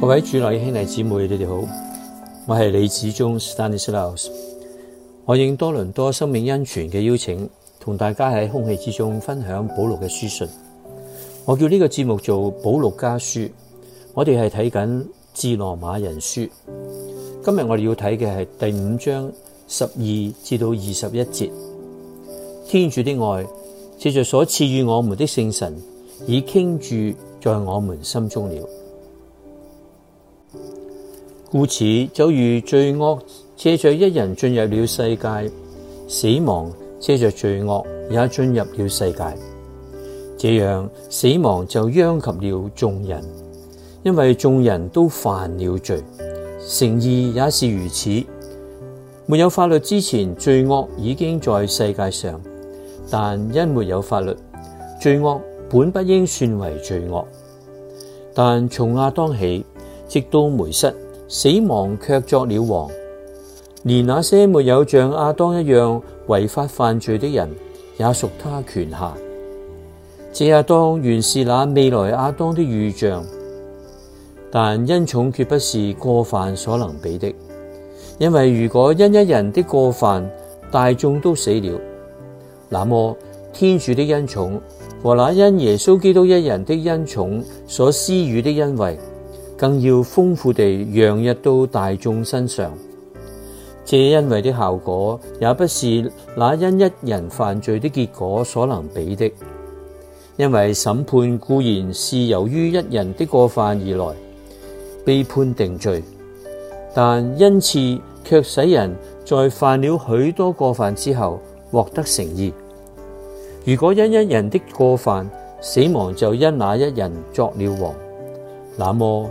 各位主內兄弟姊妹，你哋好！我係李子忠 （Stanislaus），我應多倫多生命恩泉嘅邀請，同大家喺空氣之中分享保祿嘅書信。我叫呢個節目做《保祿家書》，我哋係睇緊《致羅馬人書》。今日我哋要睇嘅係第五章十二至到二十一節。天主的愛藉着所賜予我們的聖神，已傾注在我們心中了。故此，就如罪惡藉着一人進入了世界，死亡藉着罪惡也進入了世界。這樣死亡就殃及了眾人，因為眾人都犯了罪。成義也是如此。沒有法律之前，罪惡已經在世界上，但因沒有法律，罪惡本不應算為罪惡。但從亞當起，直到梅瑟。死亡卻作了王，連那些沒有像亞當一樣違法犯罪的人，也屬他權下。這亞當原是那未來亞當的預像，但恩寵決不是過犯所能比的，因為如果因一人的過犯，大眾都死了，那麼天主的恩寵和那因耶穌基督一人的恩寵所施予的恩惠。更要豐富地洋溢到大眾身上，這恩惠的效果也不是那因一人犯罪的結果所能比的。因為審判固然是由於一人的過犯而來，被判定罪，但恩賜却使人在犯了許多過犯之後獲得成義。如果因一人的過犯死亡，就因那一人作了王，那麼。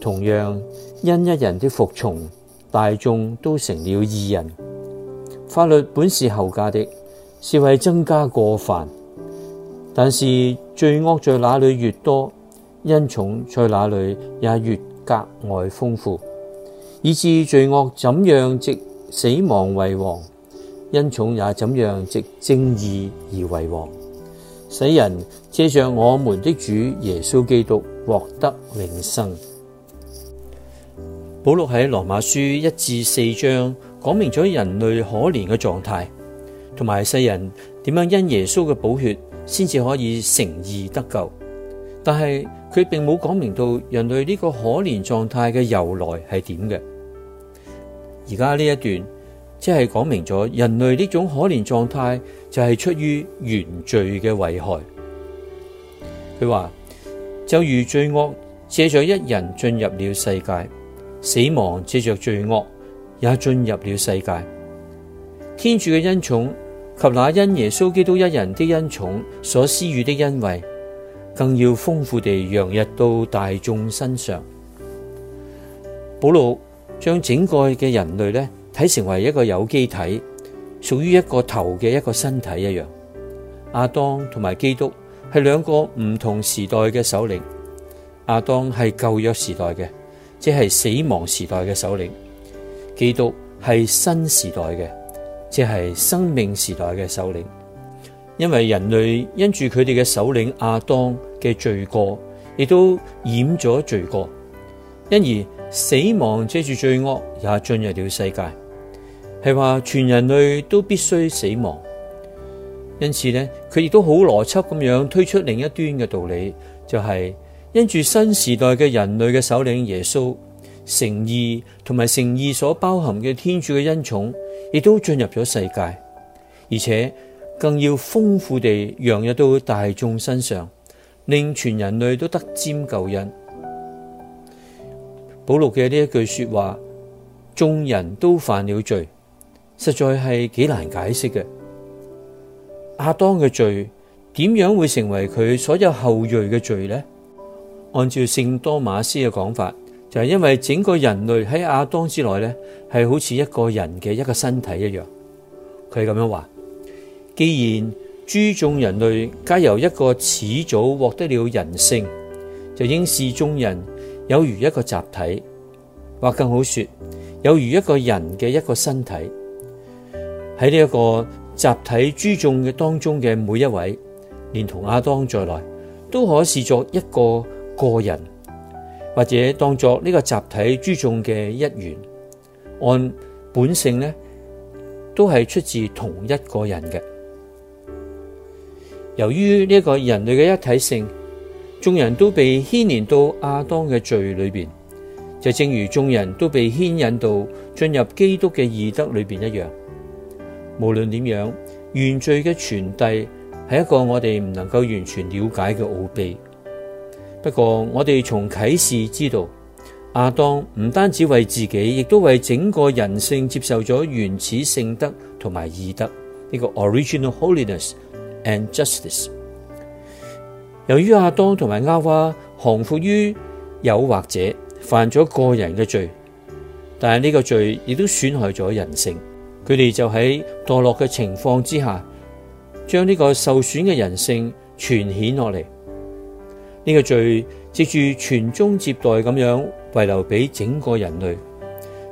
同樣，因一人的服從，大眾都成了義人。法律本是後加的，是為增加過犯。但是罪惡在那裏越多，恩寵在那裏也越格外豐富，以致罪惡怎樣藉死亡為王，恩寵也怎樣藉正義而為王，使人藉着我們的主耶穌基督獲得永生。保祿喺羅馬書一至四章講明咗人類可憐嘅狀態，同埋世人點樣因耶穌嘅寶血先至可以成義得救。但係佢並冇講明到人類呢個可憐狀態嘅由來係點嘅。而家呢一段即係講明咗人類呢種可憐狀態就係出於原罪嘅遺害。佢話就如罪惡借咗一人進入了世界。死亡借着罪惡也進入了世界。天主嘅恩寵及那因耶穌基督一人的恩寵所施予的恩惠，更要豐富地洋溢到大眾身上。保祿將整個嘅人類咧睇成為一個有機體，屬於一個頭嘅一個身體一樣。亞當同埋基督係兩個唔同時代嘅首領。亞當係舊約時代嘅。即係死亡時代嘅首領，基督係新時代嘅，即係生命時代嘅首領。因為人類因住佢哋嘅首領亞當嘅罪過，亦都染咗罪過，因而死亡藉著罪惡，也進入咗世界，係話全人類都必須死亡。因此呢，佢亦都好邏輯咁樣推出另一端嘅道理，就係，是。因住新時代嘅人類嘅首領耶穌成義同埋成義所包含嘅天主嘅恩寵，亦都進入咗世界，而且更要豐富地洋溢到大眾身上，令全人類都得沾救恩。保祿嘅呢一句說話，眾人都犯了罪，實在係幾難解釋嘅。亞當嘅罪點樣會成為佢所有後裔嘅罪呢？按照聖多瑪斯嘅講法，就係因為整個人類喺亞當之內咧，係好似一個人嘅一個身體一樣。佢咁樣話：既然諸眾人類皆由一個始祖獲得了人性，就應視眾人有如一個集體，或更好說，有如一個人嘅一個身體。喺呢一個集體諸眾嘅當中嘅每一位，連同亞當在內，都可視作一個。個人或者當作呢個集體諸眾嘅一員，按本性呢，都係出自同一個人嘅。由於呢個人類嘅一體性，眾人都被牽連到亞當嘅罪裏邊，就正如眾人都被牽引到進入基督嘅義德裏邊一樣。無論點樣，原罪嘅傳遞係一個我哋唔能夠完全了解嘅奧秘。不過我哋從啟示知道，亞當唔單止為自己，亦都為整個人性接受咗原始聖德同埋義德呢、這個 original holiness and justice。由於亞當同埋厄娃降服於誘惑者，犯咗個人嘅罪，但係呢個罪亦都損害咗人性，佢哋就喺墮落嘅情況之下，將呢個受損嘅人性傳衍落嚟。呢個罪接住傳宗接代咁樣遺留俾整個人類，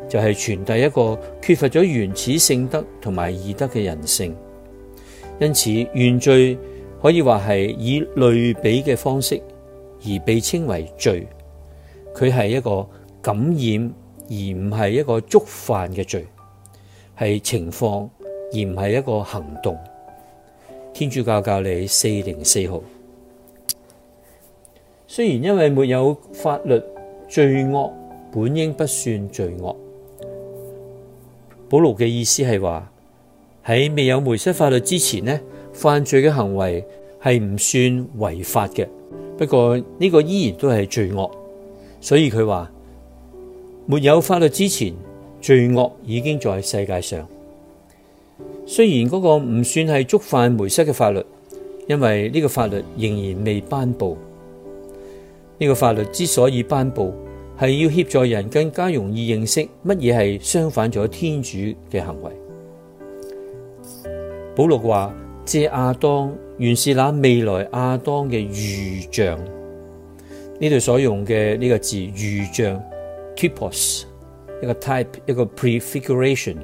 就係、是、傳遞一個缺乏咗原始聖德同埋義德嘅人性。因此，原罪可以話係以類比嘅方式而被稱為罪。佢係一個感染，而唔係一個觸犯嘅罪，係情況而唔係一個行動。天主教教理四零四號。雖然因為沒有法律，罪惡本應不算罪惡。保祿嘅意思係話喺未有梅瑟法律之前，犯罪嘅行為係唔算違法嘅。不過呢個依然都係罪惡，所以佢話，沒有法律之前，罪惡已經在世界上。雖然嗰個唔算係觸犯梅瑟嘅法律，因為呢個法律仍然未頒布。呢個法律之所以頒布，係要協助人更加容易認識乜嘢係相反咗天主嘅行為。保祿話，借亞當原是那未來亞當嘅預像。呢度所用嘅呢個字預像 （typos），一個 type，一個 prefiguration。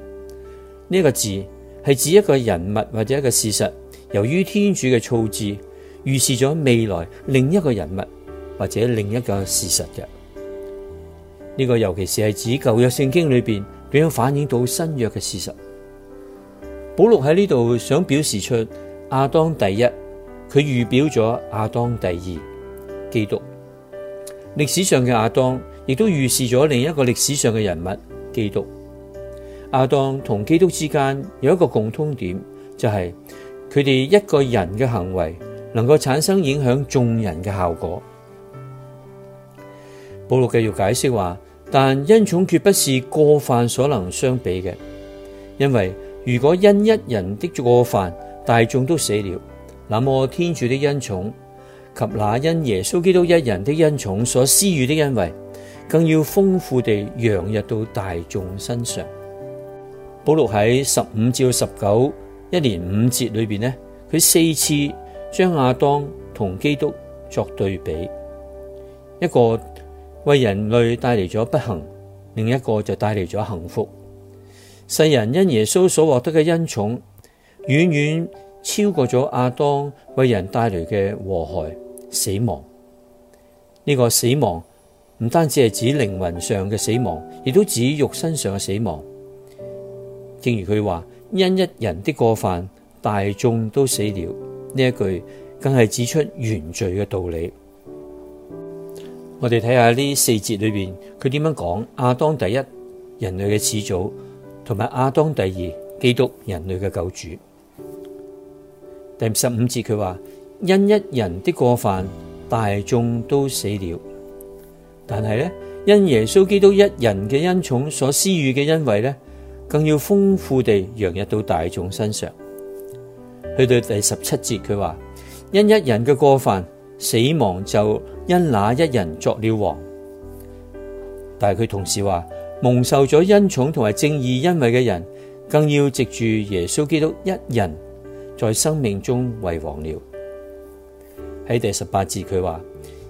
呢個字係指一個人物或者一個事實，由於天主嘅措置，預示咗未來另一個人物。或者另一個事實嘅呢、這個，尤其是係指舊約聖經裏邊點樣反映到新約嘅事實。保祿喺呢度想表示出亞當第一，佢預表咗亞當第二，基督。歷史上嘅亞當亦都預示咗另一個歷史上嘅人物，基督。亞當同基督之間有一個共通點，就係佢哋一個人嘅行為能夠產生影響眾人嘅效果。保祿繼續解釋話，但恩寵絕不是過犯所能相比嘅。因為如果因一人的過犯，大眾都死了，那麼天主的恩寵及那因耶穌基督一人的恩寵所施予的恩惠，更要豐富地洋溢到大眾身上。保祿喺十五至十九一連五節裏邊咧，佢四次將亞當同基督作對比，一個，為人類帶來咗不幸，另一個就帶來咗幸福。世人因耶穌所獲得嘅恩寵，遠遠超過咗亞當為人帶來嘅禍害、死亡。呢、這個死亡唔單止係指靈魂上嘅死亡，亦都指肉身上嘅死亡。正如佢話：因一人的過犯，大眾都死了。呢一句更係指出原罪嘅道理。我哋睇下呢四節裏邊佢點樣講，亞當第一，人類嘅始祖，同埋亞當第二，基督人類嘅救主。第十五節佢話，因一人的過犯，大眾都死了。但係呢，因耶穌基督一人嘅恩寵所施予嘅恩惠呢，更要豐富地洋溢到大眾身上。去到第十七節佢話，因一人嘅過犯。死亡就因那一人作了王，但係佢同時話蒙受咗恩寵同埋正義恩惠嘅人，更要藉住耶穌基督一人在生命中為王了。喺第十八節，佢話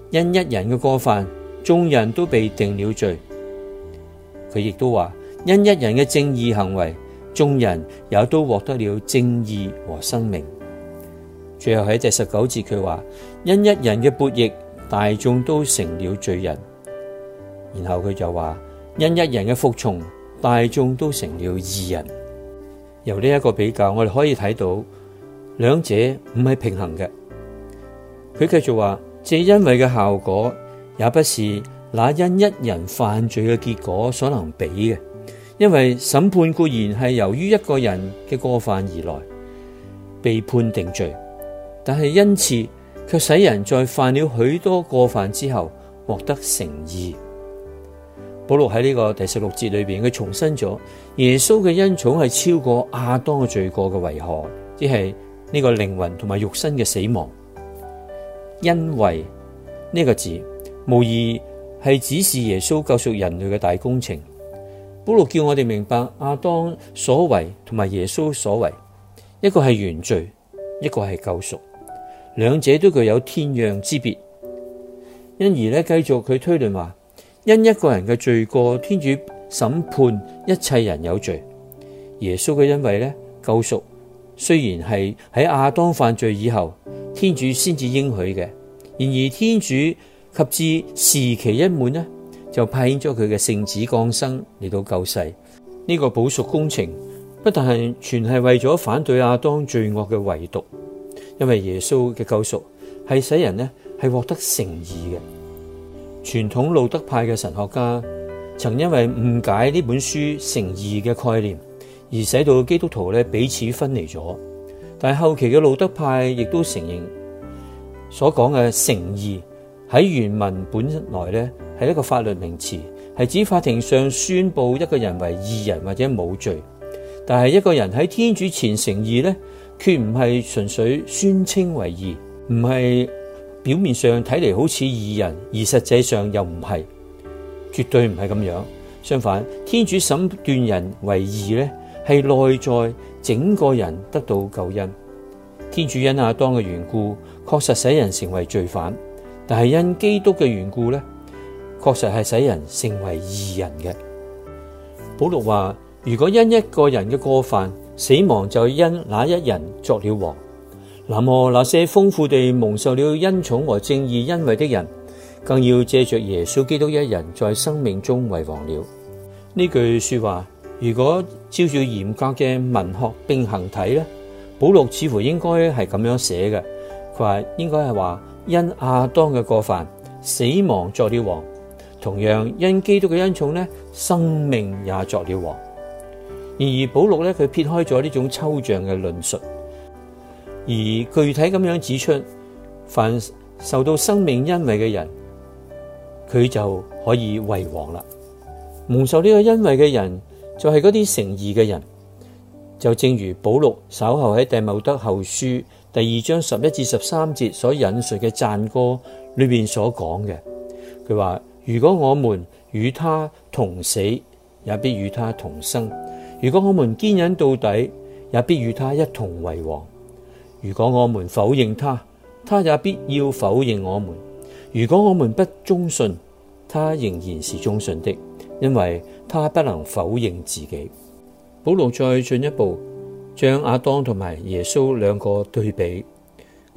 因一人嘅過犯，眾人都被定了罪。佢亦都話因一人嘅正義行為，眾人也都獲得了正義和生命。最後喺第十九節，佢話因一人嘅悖逆，大眾都成了罪人。然後佢就話因一人嘅服從，大眾都成了義人。由呢一個比較，我哋可以睇到兩者唔係平衡嘅。佢繼續話，這恩惠嘅效果，也不是那因一人犯罪嘅結果所能比嘅。因為審判固然係由於一個人嘅過犯而來，被判定罪。但係恩賜，卻使人在犯了許多過犯之後，獲得成義。保祿喺呢個第十六節裏邊，佢重申咗耶穌嘅恩寵係超過亞當嘅罪過嘅危害，即係呢個靈魂同埋肉身嘅死亡。因為呢、這個字無疑係指示耶穌救贖人類嘅大工程。保祿叫我哋明白亞當所為同埋耶穌所為，一個係原罪，一個係救贖。兩者都具有天壤之別，因而咧繼續佢推論話：因一個人嘅罪過，天主審判一切人有罪。耶穌嘅因為咧救贖，雖然係喺亞當犯罪以後，天主先至應許嘅。然而天主及至時期一滿呢，就派遣咗佢嘅聖子降生嚟到救世。呢、這個補贖工程不但係全係為咗反對亞當罪惡嘅遺毒。因為耶穌嘅救贖係使人咧係獲得成義嘅。傳統路德派嘅神學家曾因為誤解呢本書成義嘅概念，而使到基督徒咧彼此分離咗。但係後期嘅路德派亦都承認所講嘅成義喺原文本來咧係一個法律名詞，係指法庭上宣布一個人為義人或者冇罪。但係一個人喺天主前成義咧。卻唔係純粹宣稱為義，唔係表面上睇嚟好似義人，而實際上又唔係，絕對唔係咁樣。相反，天主審斷人為義，呢係內在整個人得到救恩。天主因亞當嘅緣故，確實使人成為罪犯；但係因基督嘅緣故呢，確實係使人成為義人嘅。保祿話：如果因一個人嘅過犯，死亡就因那一人作了王，那麼那些豐富地蒙受了恩寵和正義恩惠的人，更要借着耶穌基督一人在生命中為王了。呢句說話，如果照住嚴格嘅文學並行體咧，保祿似乎應該係咁樣寫嘅。佢話應該係話，因亞當嘅過犯，死亡作了王；同樣因基督嘅恩寵咧，生命也作了王。然而，保祿咧佢撇開咗呢種抽象嘅論述，而具體咁樣指出，凡受到生命恩惠嘅人，佢就可以為王啦。蒙受呢個恩惠嘅人就係嗰啲成義嘅人，就正如保祿稍後喺弟茂德後書第二章十一至十三節所引述嘅讚歌裏邊所講嘅。佢話：如果我們與他同死，也必與他同生。如果我們堅忍到底，也必與他一同為王；如果我們否認他，他也必要否認我們；如果我們不忠信，他仍然是忠信的，因為他不能否認自己。保羅再進一步將亞當同埋耶穌兩個對比，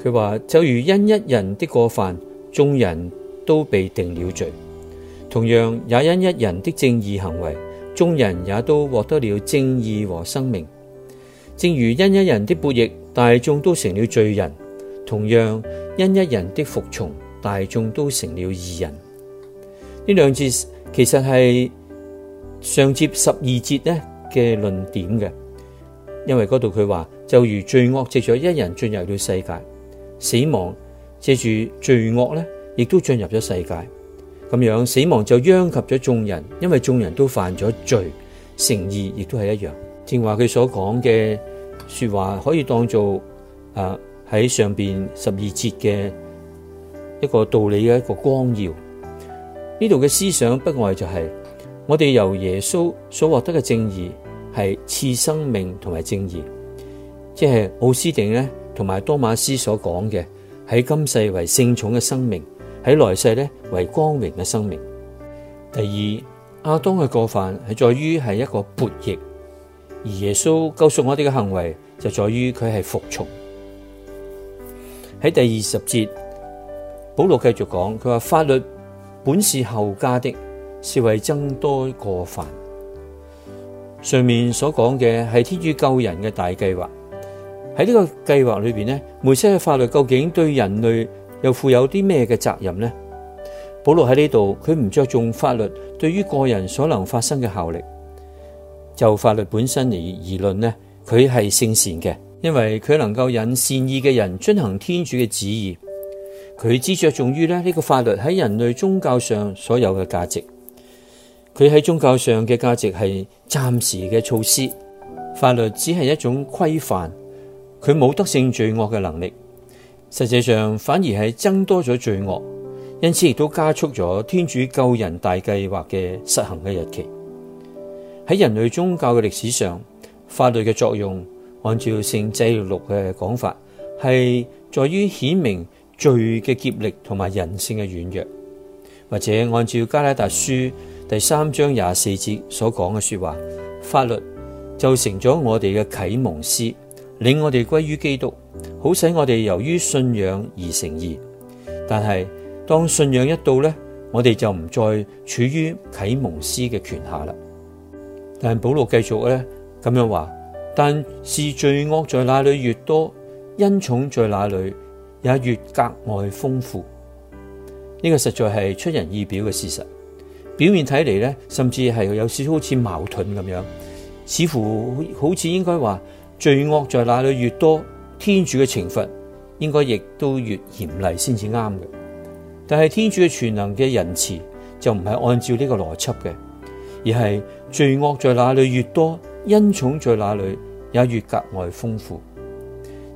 佢話：就如因一人的過犯，眾人都被定了罪；同樣也因一人的正義行為。眾人也都獲得了正義和生命，正如因一人的悖逆，大眾都成了罪人；同樣，因一人的服從，大眾都成了義人。呢兩節其實係上節十二節咧嘅論點嘅，因為嗰度佢話，就如罪惡借咗一人進入，進入了世界，死亡借住罪惡呢，亦都進入咗世界。咁樣死亡就殃及咗眾人，因為眾人都犯咗罪，成義亦都係一樣。正話佢所講嘅說話，可以當做啊喺上邊十二節嘅一個道理嘅一個光耀。呢度嘅思想不外就係、是、我哋由耶穌所獲得嘅正義係賜生命同埋正義，即係奧斯定咧同埋多瑪斯所講嘅喺今世為聖寵嘅生命。喺來世咧為光明嘅生命。第二，亞當嘅過犯係在於係一個悖逆，而耶穌救贖我哋嘅行為就在於佢係服從。喺第二十節，保祿繼續講，佢話法律本是後加的，是為增多過犯。上面所講嘅係天主救人嘅大計劃。喺呢個計劃裏邊呢，梅瑟嘅法律究竟對人類？又負有啲咩嘅責任呢？保羅喺呢度，佢唔着重法律對於個人所能發生嘅效力，就法律本身而而論呢，佢係聖善嘅，因為佢能夠引善意嘅人遵行天主嘅旨意。佢只着重於呢呢個法律喺人類宗教上所有嘅價值。佢喺宗教上嘅價值係暫時嘅措施，法律只係一種規範，佢冇得勝罪惡嘅能力。實際上反而係增多咗罪惡，因此亦都加速咗天主救人大計劃嘅實行嘅日期。喺人類宗教嘅歷史上，法律嘅作用，按照聖制六嘅講法，係在於顯明罪嘅竭力同埋人性嘅軟弱，或者按照加拉達書第三章廿四節所講嘅說話，法律就成咗我哋嘅啟蒙師，令我哋歸於基督。好使我哋由於信仰而成義，但係當信仰一到呢，我哋就唔再處於啟蒙師嘅權下啦。但保祿繼續咧咁樣話，但是罪惡在那裡越多，恩寵在那裡也越格外豐富。呢、這個實在係出人意表嘅事實。表面睇嚟，呢，甚至係有少少好似矛盾咁樣，似乎好似應該話罪惡在那裡越多。天主嘅懲罰應該亦都越嚴厲先至啱嘅，但係天主嘅全能嘅仁慈就唔係按照呢個邏輯嘅，而係罪惡在哪裏越多，恩寵在哪裏也越格外豐富。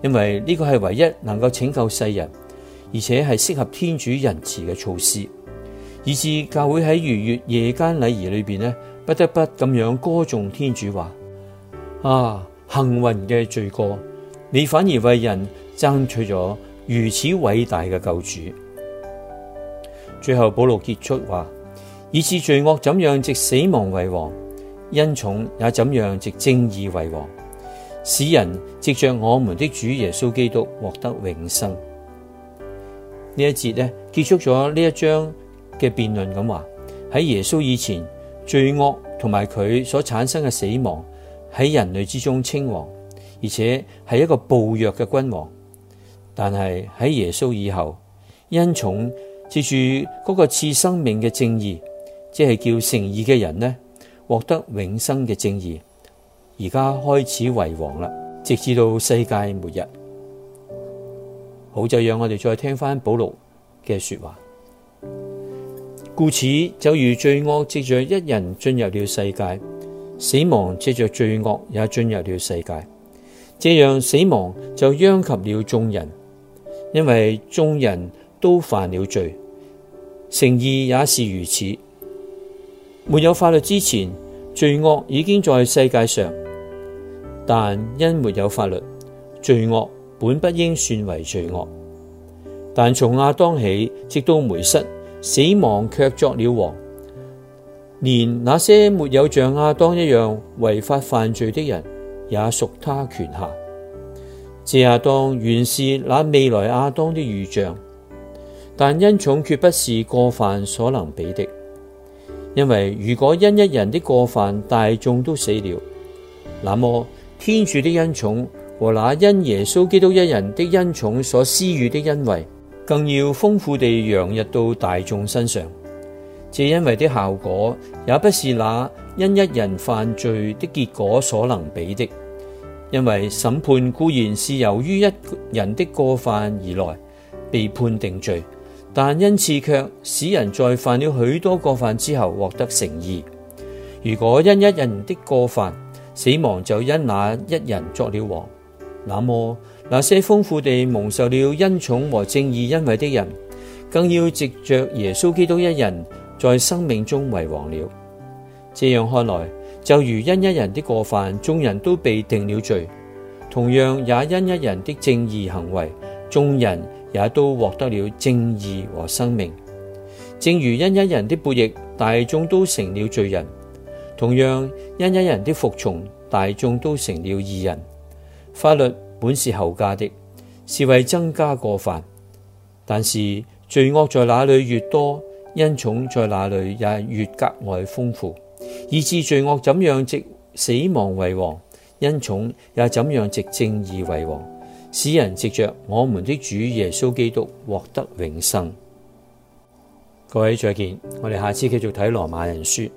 因為呢個係唯一能夠拯救世人，而且係適合天主仁慈嘅措施。以致教會喺逾越夜間禮儀裏邊呢，不得不咁樣歌頌天主話：啊，幸運嘅罪過！你反而為人爭取咗如此偉大嘅救主。最後保祿結束話：，以致罪惡怎樣，藉死亡為王；恩寵也怎樣，藉正義為王，使人藉着我們的主耶穌基督獲得永生。呢一節呢結束咗呢一章嘅辯論咁話，喺耶穌以前，罪惡同埋佢所產生嘅死亡喺人類之中稱王。而且係一個暴虐嘅君王，但係喺耶穌以後，恩寵接住嗰個賜生命嘅正義，即係叫成義嘅人呢獲得永生嘅正義。而家開始為王啦，直至到世界末日。好，就讓我哋再聽翻保祿嘅說話。故此，就如罪惡藉著一人進入了世界，死亡藉著罪惡也進入了世界。這樣死亡就殃及了眾人，因為眾人都犯了罪，成義也是如此。沒有法律之前，罪惡已經在世界上，但因沒有法律，罪惡本不應算為罪惡。但從亞當起，直到梅瑟，死亡卻作了王，連那些沒有像亞當一樣違法犯罪的人。也屬他權下，這亞當原是那未來亞當的預像，但恩寵決不是過犯所能比的，因為如果因一人的過犯大眾都死了，那麼天主的恩寵和那因耶穌基督一人的恩寵所施與的恩惠，更要豐富地洋溢到大眾身上，這恩惠的效果也不是那因一人犯罪的結果所能比的。因為審判固然是由於一人的過犯而來，被判定罪，但恩賜卻使人在犯了許多過犯之後獲得成義。如果因一人的過犯死亡就因那一人作了王，那麼那些豐富地蒙受了恩寵和正義恩惠的人，更要藉着耶穌基督一人在生命中為王了。這樣看來。就如因一人的過犯，眾人都被定了罪；同樣也因一人的正義行為，眾人也都獲得了正義和生命。正如因一人的悖逆，大眾都成了罪人；同樣因一人的服從，大眾都成了義人。法律本是後加的，是為增加過犯。但是罪惡在哪裏越多，恩寵在哪裏也越格外豐富。以致罪惡怎樣藉死亡為王，恩寵也怎樣藉正義為王，使人藉着我們的主耶穌基督獲得永生。各位再見，我哋下次繼續睇羅馬人書。